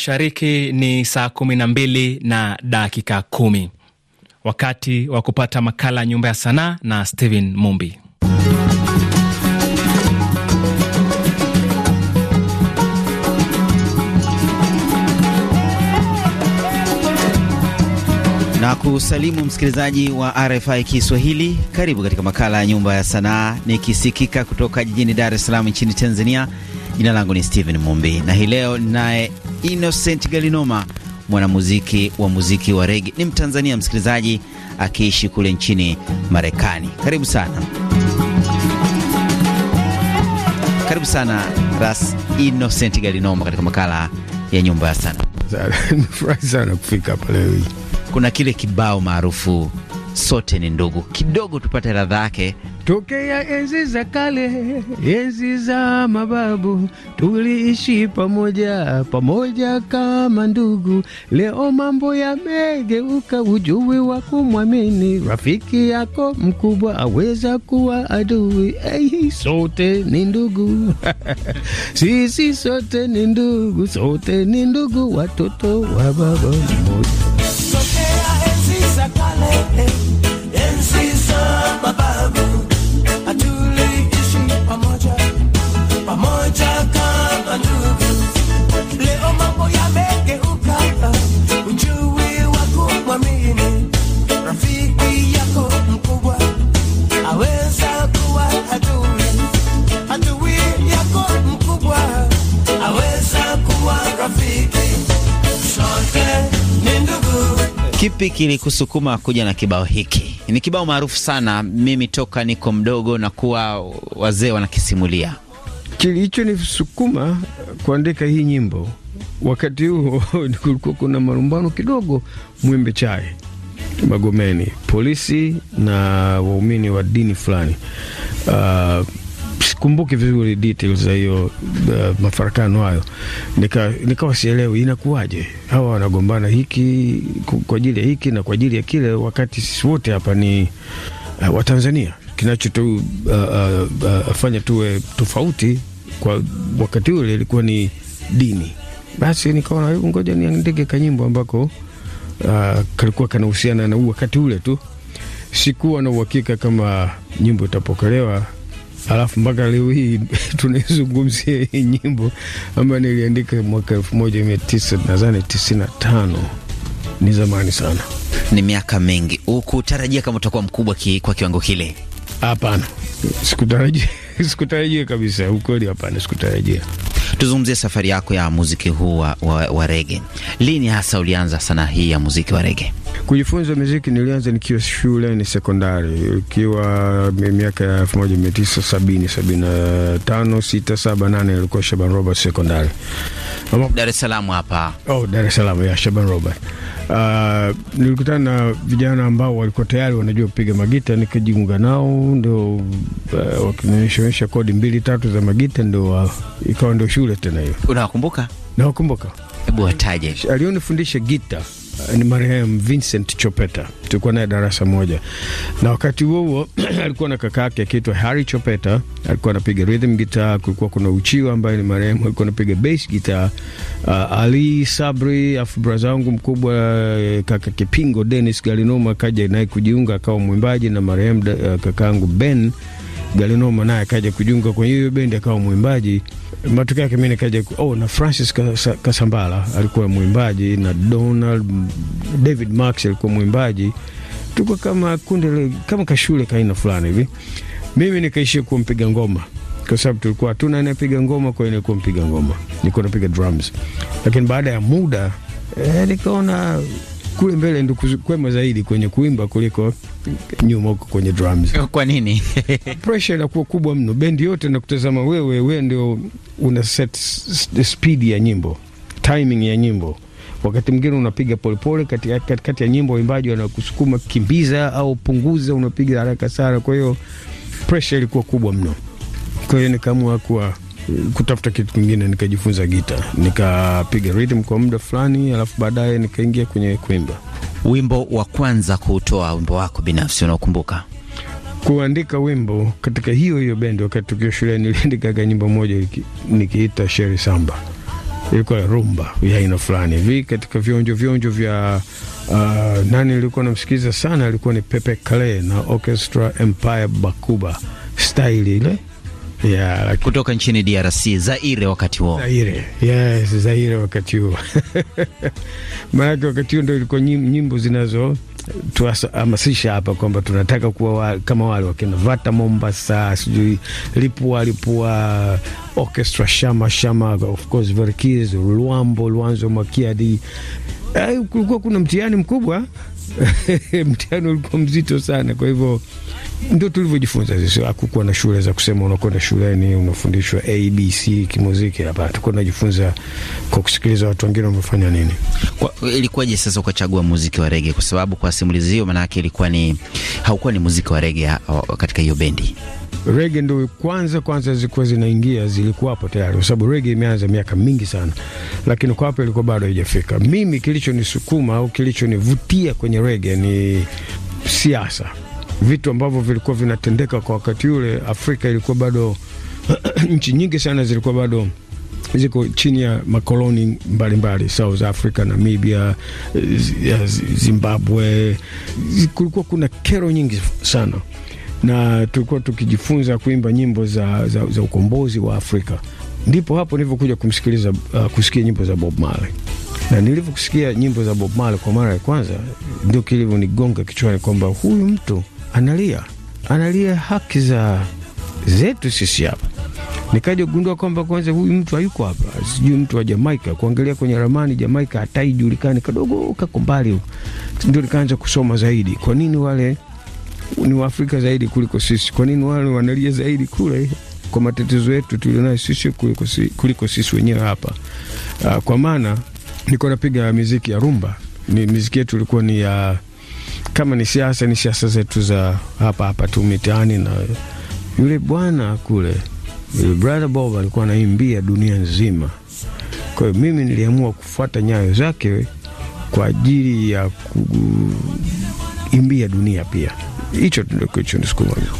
Mashariki ni saa kumi na mbili na dakika kumi. Wakati wa kupata makala Nyumba ya Sanaa na Steven Mumbi. na kusalimu msikilizaji wa RFI Kiswahili. Karibu katika makala ya nyumba ya sanaa, nikisikika kutoka jijini Dar es Salaam nchini Tanzania Jina langu ni Steven Mumbi na hii leo naye Innocent Galinoma, mwanamuziki wa muziki wa rege, ni Mtanzania msikilizaji akiishi kule nchini Marekani. Karibu sana, karibu sana Ras Innocent Galinoma katika makala ya nyumba ya sanaa. Nafurahi sana kufika hapa leo Kuna kile kibao maarufu sote ni ndugu, kidogo tupate ladha yake Tokea enzi za kale, enzi za mababu, tuliishi pamoja pamoja kama ndugu. Leo mambo yamegeuka, ujui wa kumwamini rafiki yako mkubwa aweza kuwa adui. Hey, sote ni ndugu sisi sote ni ndugu, sote ni ndugu, watoto wa baba mmoja. Kipi kilikusukuma kuja na kibao hiki? Ni kibao maarufu sana, mimi toka niko mdogo na kuwa wazee wanakisimulia. kilicho nisukuma kuandika hii nyimbo wakati huo kulikuwa kuna marumbano kidogo Mwembe Chai Magomeni, polisi na waumini wa dini fulani. Uh, sikumbuki vizuri details za hiyo uh, mafarakano hayo, nikawa nika sielewi inakuwaje hawa wanagombana hiki kwa ajili ya hiki na kwa ajili ya kile, wakati sisi wote hapa ni uh, Watanzania. Kinachotufanya uh, uh, uh, tuwe tofauti kwa wakati ule ilikuwa ni dini. Basi nikaona ngoja niandike kanyimbo ambako uh, kalikuwa kanahusiana na wakati ule tu. Sikuwa na uhakika kama nyimbo itapokelewa alafu mpaka leo hii tunaizungumzia hii nyimbo ambayo niliandika mwaka elfu moja mia tisa nadhani tisini na tano. Ni zamani sana, ni miaka mingi. Ukutarajia kama utakuwa mkubwa ki, kwa kiwango kile? Hapana, sikutarajia, sikutarajia kabisa, ukweli hapana, sikutarajia. Tuzungumzie safari yako ya muziki huu wa, wa, wa rege. Lini hasa ulianza sanaa hii ya muziki wa rege? Kujifunza muziki nilianza nikiwa shule ni sekondari, ikiwa miaka ya elfu moja mia tisa sabini sabini na tano sita saba nane ilikuwa Shaban Robert sekondari Dar es Salaam hapa. Oh, Dar es Salaam ya Shaban Robert. Uh, nilikutana na vijana ambao walikuwa tayari wanajua kupiga magita, nikajiunga nao, ndio uh, wakinionyesha kodi mbili tatu za magita, ndio uh, ikawa ndio shule tena hiyo. Unawakumbuka? Nawakumbuka. Hebu wataje. Alionifundisha gita Eh, ni marehemu Vincent Chopeta, tulikuwa naye darasa moja, na wakati huo huo alikuwa na kaka yake akiitwa Harry Chopeta, alikuwa anapiga rhythm guitar. Kulikuwa kuna Uchiwa ambaye ni marehemu, alikuwa anapiga bass guitar. Uh, Ali Sabri, afu braza wangu mkubwa eh, kaka Kipingo Dennis Galinoma kaja naye kujiunga akawa mwimbaji, na marehemu uh, eh, kakaangu Ben Galinoma naye akaja kujiunga kwenye hiyo bendi akawa mwimbaji matokeo yake mimi nikaja oh, na Francis Kasambala alikuwa mwimbaji na Donald David Max alikuwa mwimbaji, tulikuwa kama kundi kama kashule kaina fulani hivi. Mimi nikaishia kuwa mpiga ngoma kwa sababu tulikuwa hatuna anayepiga ngoma, kwa hiyo nilikuwa mpiga ngoma, nilikuwa napiga drums, lakini baada ya muda eh, nikaona kule mbele ndo kwema zaidi kwenye kuimba kuliko nyuma huko kwenye drums. Kwa nini? pressure inakuwa kubwa mno, bendi yote na kutazama wewe, wewe ndio una set speed ya nyimbo, timing ya nyimbo wakati mwingine unapiga polepole katikati kati, kati ya nyimbo, waimbaji wanakusukuma kimbiza au punguza, unapiga haraka sana. Kwa hiyo pressure ilikuwa kubwa mno, kwa hiyo nikaamua kuwa kutafuta kitu kingine, nikajifunza gita, nikapiga rhythm kwa muda fulani, alafu baadaye nikaingia kwenye kuimba. Wimbo wa kwanza kuutoa wimbo wako binafsi unaokumbuka? kuandika wimbo katika hiyo hiyo bendi. Wakati tukiwa shuleni, niliandikaga nyimbo moja nikiita Sheri Samba, ilikuwa rumba ya aina fulani hivi katika vionjo vionjo vya uh, nani nilikuwa namsikiliza sana, alikuwa ni Pepe Kale na Orchestra Empire Bakuba, style ile yeah, kutoka nchini DRC Zaire wakati huo. Zaire. Yes, Zaire wakati huo. Maana wakati huo ndo ilikuwa nyimbo zinazo tuhamasisha hapa kwamba tunataka kuwa wa, kama wale wakina Vata Mombasa, sijui Lipua Lipua Orchestra, Shama Shama, of course Verkiz, Luambo Luanzo Makiadi. Eh, kulikuwa kuna mtihani mkubwa mtihani ulikuwa mzito sana, kwa hivyo ndo tulivyojifunza sisi. Hakukuwa na shule za kusema unakwenda shuleni unafundishwa abc kimuziki, hapa tukuwa najifunza kwa kusikiliza watu wengine wamefanya nini. Ilikuwaje sasa ukachagua muziki wa rege? Kwa sababu kwa simulizi hiyo, maanake ilikuwa ni haukuwa ni muziki wa rege katika hiyo bendi rege ndo kwanza kwanza zilikuwa zinaingia, zilikuwa hapo tayari, kwa sababu rege imeanza miaka mingi sana, lakini kwa hapo ilikuwa bado haijafika. Mimi kilichonisukuma au kilichonivutia kwenye rege ni siasa, vitu ambavyo vilikuwa vinatendeka kwa wakati ule. Afrika ilikuwa bado nchi nyingi sana zilikuwa bado ziko chini ya makoloni mbalimbali mbali, South Africa, Namibia, eh, Zimbabwe. Kulikuwa kuna kero nyingi sana na tulikuwa tukijifunza kuimba nyimbo za, za, za ukombozi wa Afrika. Ndipo hapo nilivyokuja kumsikiliza uh, kusikia nyimbo za Bob Marley, na nilivyokusikia nyimbo za Bob Marley kwa mara ya kwanza, ndio kilivyonigonga kichwani kwamba huyu mtu analia analia haki za zetu sisi hapa. Nikaja kugundua kwamba kwanza huyu mtu hayuko hapa, sijui mtu wa Jamaika. Kuangalia kwenye ramani Jamaika hataijulikani, kadogo kako mbali huko. Ndio nikaanza kusoma zaidi, kwa nini wale ni Waafrika zaidi kuliko sisi. Kwa nini wale wanalia zaidi kule kwa matatizo yetu tulionayo sisi kuliko, kuliko sisi wenyewe hapa? Uh, kwa maana niko napiga miziki ya rumba ni, miziki yetu ilikuwa ni ya kama ni siasa, ni siasa zetu za hapa hapa tu mitaani, na yule bwana kule brother Bob alikuwa anaimbia dunia nzima. Kwa hiyo mimi niliamua kufuata nyayo zake kwa ajili ya imbia dunia pia. Hicho ndio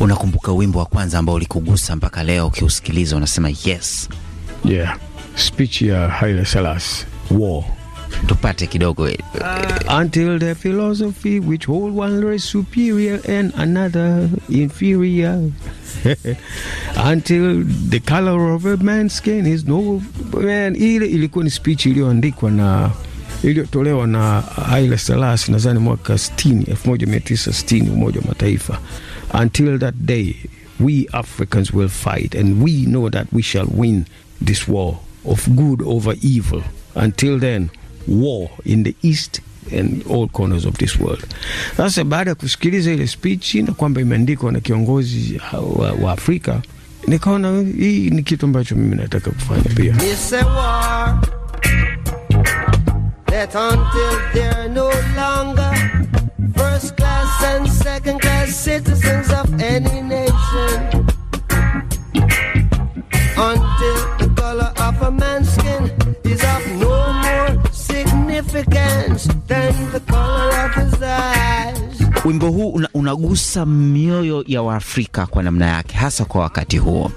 Unakumbuka wimbo wa kwanza ambao ulikugusa mpaka leo ukiusikiliza unasema yes? Yeah, speech ya Haile Selassie war tupate kidogo uh, until the philosophy which hold one race superior and another inferior until the color of a man's skin is no man. Ile ilikuwa ni speech iliyoandikwa na iliyotolewa na Haile Selassie nadhani mwaka 60 1960, Umoja wa Mataifa, until that day we Africans will fight and we know that we shall win this war of good over evil. Until then war in the east and all corners of this world. Sasa baada ya kusikiliza ile speech na kwamba imeandikwa na kiongozi wa, wa Afrika, nikaona hii ni kitu ambacho mimi nataka kufanya pia that until they're no longer first class and second class citizens of any nation, until the color of a man's skin is of no more significance than the color of his eyes. Wimbo huu una, unagusa mioyo ya Waafrika kwa namna yake, hasa kwa wakati huo.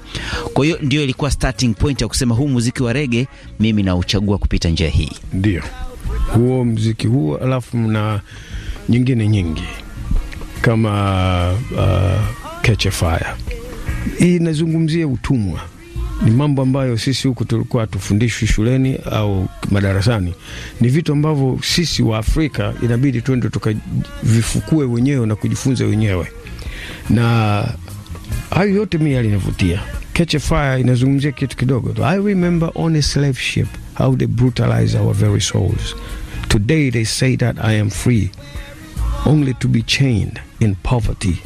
Kwa hiyo ndio ilikuwa starting point ya kusema huu muziki wa rege, mimi nauchagua kupita njia hii, ndio huo mziki huo, alafu na nyingine nyingi kama uh, Catch a Fire. Hii inazungumzia utumwa, ni mambo ambayo sisi huku tulikuwa hatufundishwi shuleni au madarasani. Ni vitu ambavyo sisi wa Afrika inabidi tuende tukavifukue wenyewe na kujifunza wenyewe, na hayo yote mimi yalinivutia. Catch a Fire inazungumzia kitu kidogo tu. I remember on a slave ship how they brutalize our very souls Today they say that I am free, only to be chained in poverty.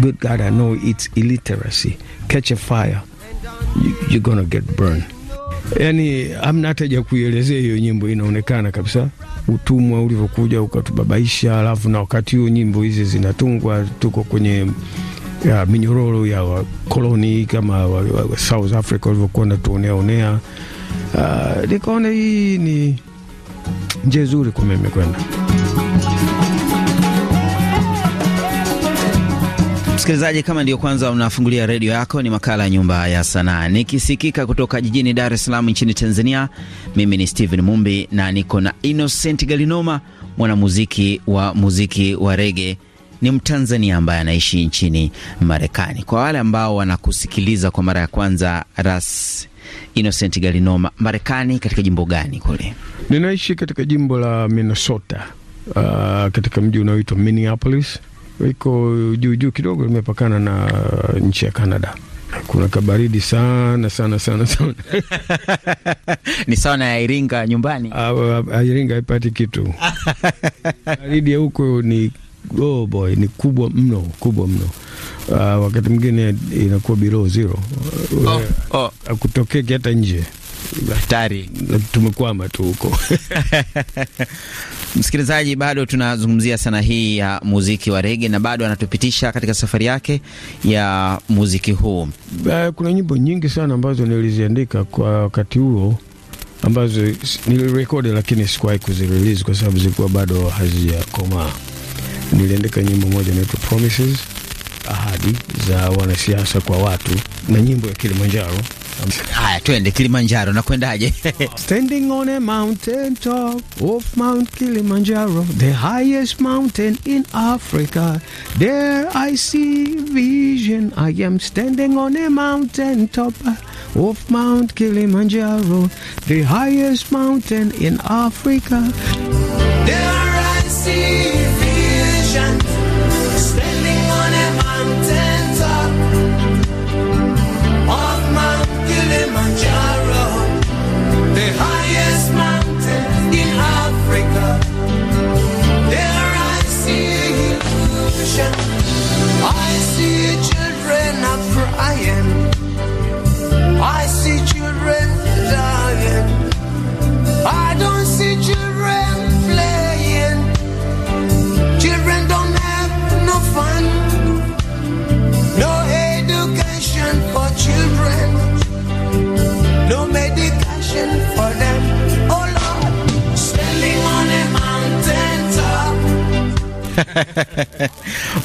Good God, I know it's illiteracy. Catch a fire, you, you're gonna get burned. Yani hamna hata ja kuielezea hiyo nyimbo, inaonekana kabisa utumwa ulivyokuja ukatubabaisha. Alafu na wakati huo nyimbo hizi zinatungwa, tuko kwenye ya minyororo ya wakoloni kama wa, wa, wa South Africa walivyokuwa natuoneaonea. Uh, ah, nikaona hii ni njia nzuri kwa mimi kwenda. Msikilizaji, kama ndiyo kwanza unafungulia redio yako, ni makala ya Nyumba ya Sanaa nikisikika kutoka jijini Dar es Salaam nchini Tanzania. Mimi ni Steven Mumbi na niko na Innocent Galinoma, mwanamuziki wa muziki wa rege ni Mtanzania ambaye anaishi nchini Marekani. Kwa wale ambao wanakusikiliza kwa mara ya kwanza ras Innocent Galinoma, Marekani, katika jimbo gani kule? Ninaishi katika jimbo la Minnesota, uh, katika mji unaoitwa Minneapolis, iko juu juu kidogo, limepakana na nchi ya Canada. Kuna kabaridi sana sana sana sana ni sawa na Iringa nyumbani. Uh, Iringa haipati kitu baridi ya huko ni oh boy, ni kubwa mno, kubwa mno uh, wakati mwingine inakuwa below zero oh, oh. akutokeki hata nje hatari tumekwama tu huko. Msikilizaji, bado tunazungumzia sana hii ya muziki wa rege na bado anatupitisha katika safari yake ya muziki huu. Eh, kuna nyimbo nyingi sana ambazo niliziandika kwa wakati huo ambazo nilirekodi, lakini sikuwahi kuzirelease kwa sababu zilikuwa bado hazijakomaa. Niliandika nyimbo moja inaitwa Promises ahadi za wanasiasa kwa watu na nyimbo ya Kilimanjaro. Haya, twende Kilimanjaro. Nakwendaje? Standing on a mountain top of Mount Kilimanjaro, the highest mountain in Africa. There I see vision. I am standing on a mountain top of Mount Kilimanjaro, the highest mountain in Africa. There I see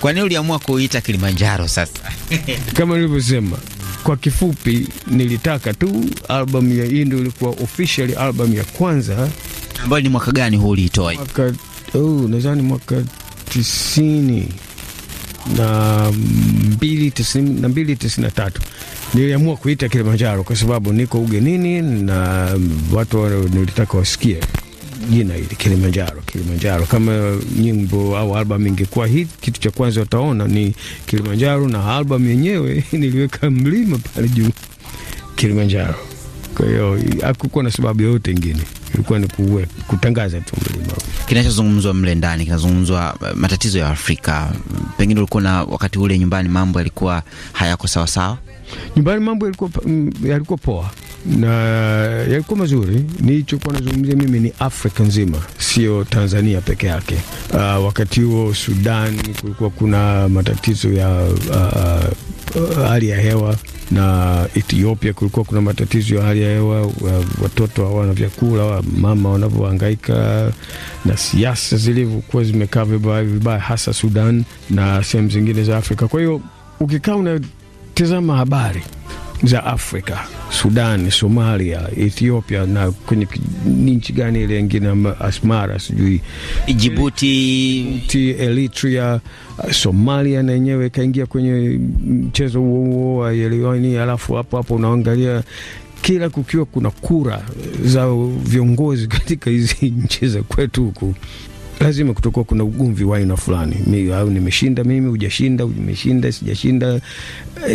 Kwa nini uliamua kuita Kilimanjaro sasa? Kama nilivyosema, kwa kifupi, nilitaka tu albamu ya hii ndio ilikuwa official albamu ya kwanza ambayo ni mwaka gani huu uliitoa? Mwaka oh, nadhani mwaka tisini na mbili tisini na mbili tisini na tatu niliamua kuita Kilimanjaro kwa sababu niko ugenini na watu nilitaka wasikie jina hili Kilimanjaro, Kilimanjaro. Kama nyimbo au albamu ingekuwa hit, kitu cha kwanza utaona ni Kilimanjaro, na albamu yenyewe niliweka mlima pale juu, Kilimanjaro. Kwa hiyo hakukuwa na sababu yoyote ingine, ilikuwa ni kuwe, kutangaza tu mlima. Kinachozungumzwa mle ndani kinazungumzwa eh, matatizo ya Afrika. Pengine ulikuwa na wakati ule nyumbani mambo yalikuwa hayako sawasawa? Nyumbani mambo yalikuwa, mm, yalikuwa poa na yalikuwa mazuri. Nilichokuwa nazungumzia mimi ni Afrika nzima, sio Tanzania peke yake. Uh, wakati huo Sudan kulikuwa kuna matatizo ya ah, ah, hali uh, uh, ya hewa na Ethiopia kulikuwa kuna matatizo ya hali ya hewa, watoto hawana vyakula, wa mama wanavyohangaika na siasa zilivyokuwa zimekaa vibaya vibaya, hasa Sudan na sehemu zingine za Afrika. Kwa hiyo ukikaa unatizama habari za Afrika, Sudan, Somalia, Ethiopia na kwenye nchi gani ile ingine, Asmara sijui Djibouti, Eritrea, Somalia na yenyewe ikaingia kwenye mchezo huo huo wa Yelewani. Alafu hapo hapo unaangalia kila kukiwa kuna kura za viongozi katika hizi nchi za kwetu huku lazima kutokuwa kuna ugomvi wa aina fulani, au nimeshinda mimi, ujashinda, umeshinda, sijashinda,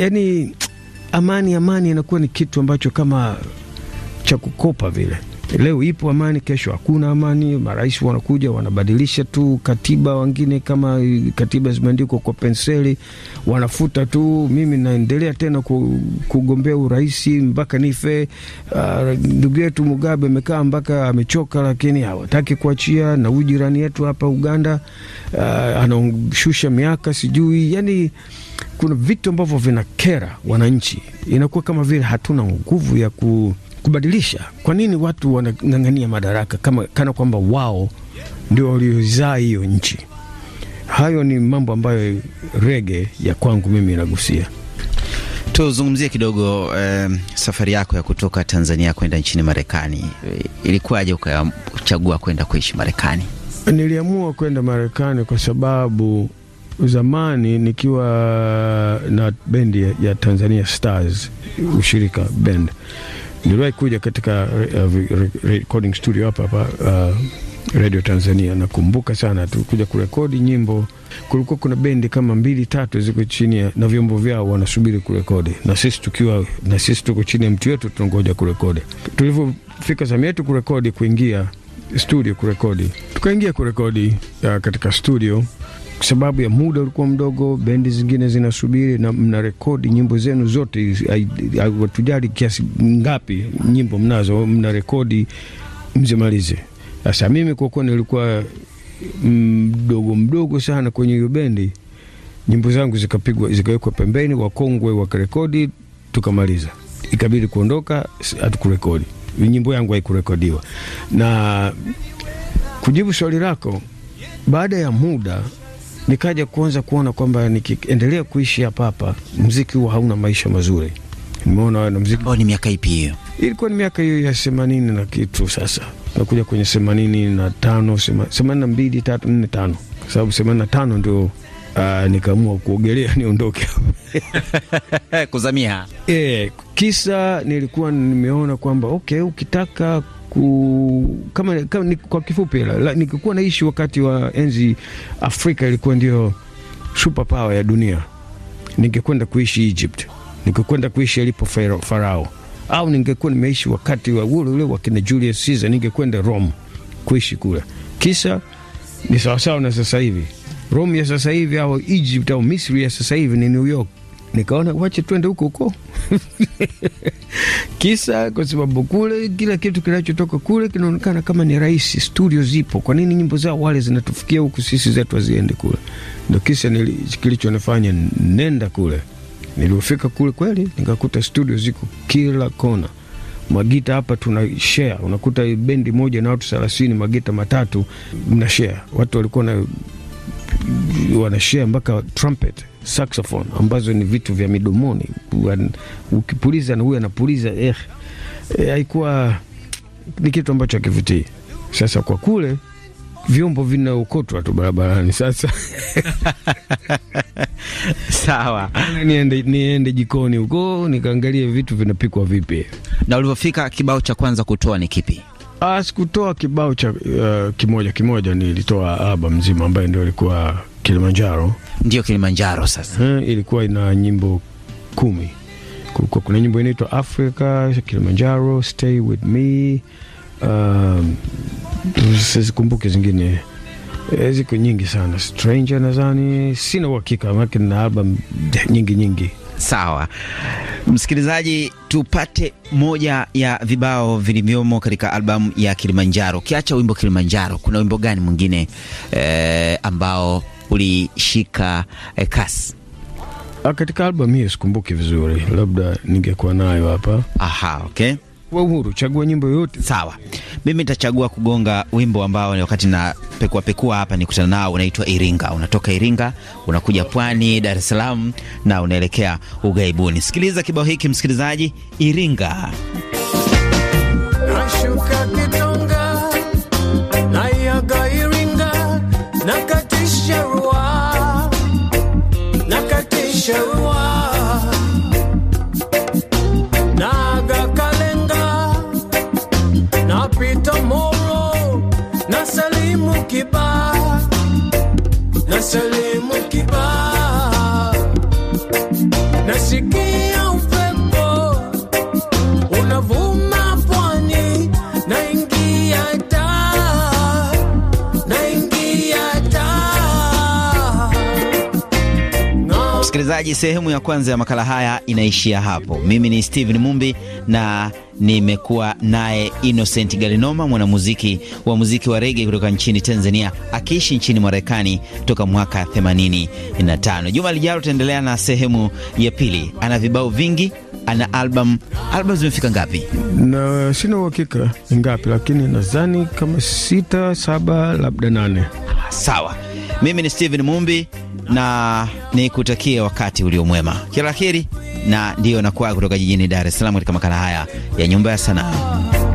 yani amani, amani inakuwa ni kitu ambacho kama cha kukopa vile. Leo ipo amani, kesho hakuna amani. Marais wanakuja wanabadilisha tu katiba, wengine kama katiba zimeandikwa kwa penseli wanafuta tu. Mimi naendelea tena kugombea urais mpaka nife. Ah, ndugu uh, yetu Mugabe amekaa mpaka amechoka, lakini hawataki kuachia. Na huyu jirani yetu hapa Uganda uh, ah, anashusha miaka sijui, yani kuna vitu ambavyo vinakera wananchi, inakuwa kama vile hatuna nguvu ya ku kubadilisha. Kwa nini watu wanang'ang'ania madaraka kama kana kwamba wao ndio waliozaa hiyo nchi? Hayo ni mambo ambayo rege ya kwangu mimi inagusia. Tuzungumzie kidogo eh, safari yako ya kutoka Tanzania kwenda nchini Marekani. Ilikuwaje ukachagua kwenda kuishi Marekani? Niliamua kwenda Marekani kwa sababu zamani nikiwa na bendi ya Tanzania Stars, ushirika bend Niliwahi kuja katika uh, recording studio hapa hapa uh, Radio Tanzania. Nakumbuka sana tulikuja kurekodi nyimbo, kulikuwa kuna bendi kama mbili tatu ziko chini na vyombo vyao wanasubiri kurekodi, na sisi tukiwa na sisi tuko chini ya mti wetu tunangoja kurekodi. Tulivyofika zamu yetu kurekodi, kuingia studio kurekodi, tukaingia kurekodi uh, katika studio kwa sababu ya muda ulikuwa mdogo, bendi zingine zinasubiri, na mna rekodi nyimbo zenu zote, hatujali kiasi ngapi nyimbo mnazo, mna rekodi mzimalize. Sasa mimi kwa kuwa nilikuwa mdogo mdogo sana kwenye hiyo bendi, nyimbo zangu zikapigwa, zikawekwa pembeni, wakongwe wakarekodi, tukamaliza. Ikabidi kuondoka, hatukurekodi nyimbo yangu, haikurekodiwa. Na kujibu swali lako, baada ya muda nikaja kuanza kuona kwamba nikiendelea kuishi hapa hapa mziki huwa hauna maisha mazuri. Nimeona na mziki ni miaka ipi hiyo? Ilikuwa ni miaka hiyo ya themanini na kitu, sasa nakuja kwenye na na mbili tatu nne tano kwa sababu tano ndio Uh, nikaamua kuogelea niondoke kuzamia. E, kisa nilikuwa nimeona kwamba okay, ukitaka ku, kama, kama ni, kwa kifupi nikikuwa naishi wakati wa enzi Afrika ilikuwa ndio super power ya dunia, ningekwenda kuishi Egypt, ningekwenda kuishi alipo Farao, au ningekuwa nimeishi wakati wa ule ule wakina Julius Caesar, ningekwenda Rome kuishi kule. Kisa ni sawasawa na sasa hivi Rome ya sasa hivi au Egypt au Misri ya sasa hivi ni New York nikaona wache twende huko huko kisa kwa sababu kule kila kitu kinachotoka kule kinaonekana kama ni rahisi. Studio zipo, kwa nini nyimbo zao wale zinatufikia huku sisi zetu haziende kule? Ndo kisa kilichonifanya nenda kule. Niliofika kule kweli nikakuta studio ziko kila kona, magita hapa tuna share, unakuta bendi moja na watu thelathini, magita matatu mna share. Watu walikuwa na wanashea mpaka trumpet, saxophone ambazo ni vitu vya midomoni, ukipuliza na huyu anapuliza eh, eh haikuwa eh, ni kitu ambacho hakivutii. Sasa kwa kule vyombo vinaokotwa tu barabarani. Sasa sawa, niende, niende jikoni huko nikaangalia vitu vinapikwa vipi. Na ulivyofika, kibao cha kwanza kutoa ni kipi? Ah, sikutoa kibao cha uh, kimoja kimoja, nilitoa album mzima ambayo ndio ilikuwa Kilimanjaro, ndio Kilimanjaro. Sasa Hmm, ilikuwa ina nyimbo kumi. Kulikuwa kuna nyimbo inaitwa Africa, Kilimanjaro, Stay With Me, uh, um, sizikumbuke zingine eh, ziko nyingi sana, Stranger nadhani, sina uhakika maana na album nyingi nyingi Sawa msikilizaji, tupate moja ya vibao vilivyomo katika albamu ya Kilimanjaro. Ukiacha wimbo Kilimanjaro, kuna wimbo gani mwingine eh, ambao ulishika eh, kasi ah, katika albamu hiyo? Sikumbuki vizuri, labda ningekuwa nayo hapa. Aha, okay wa uhuru, chagua nyimbo yoyote. Sawa, mimi nitachagua kugonga wimbo ambao ni wakati na pekua pekua hapa nikutana nao, unaitwa Iringa. Unatoka Iringa unakuja Pwani, Dar es Salaam na unaelekea ughaibuni. Sikiliza kibao hiki msikilizaji, Iringa nashuka Kitonga Iringa nakatisha nakatisha salimos msikilizaji, sehemu ya kwanza ya makala haya inaishia hapo. Mimi ni Steven Mumbi na nimekuwa naye Innocent Galinoma, mwanamuziki wa muziki wa rege kutoka nchini Tanzania, akiishi nchini Marekani toka mwaka 85. Juma lijalo tutaendelea na sehemu ya pili. Ana vibao vingi, ana albam albam zimefika ngapi? Na sina uhakika ngapi, lakini nadhani kama sita, saba, labda nane. Sawa. Mimi ni Steven Mumbi na nikutakie wakati uliomwema, kila la heri, na ndiyo nakuaga kutoka jijini Dar es Salaam katika makala haya ya Nyumba ya Sanaa.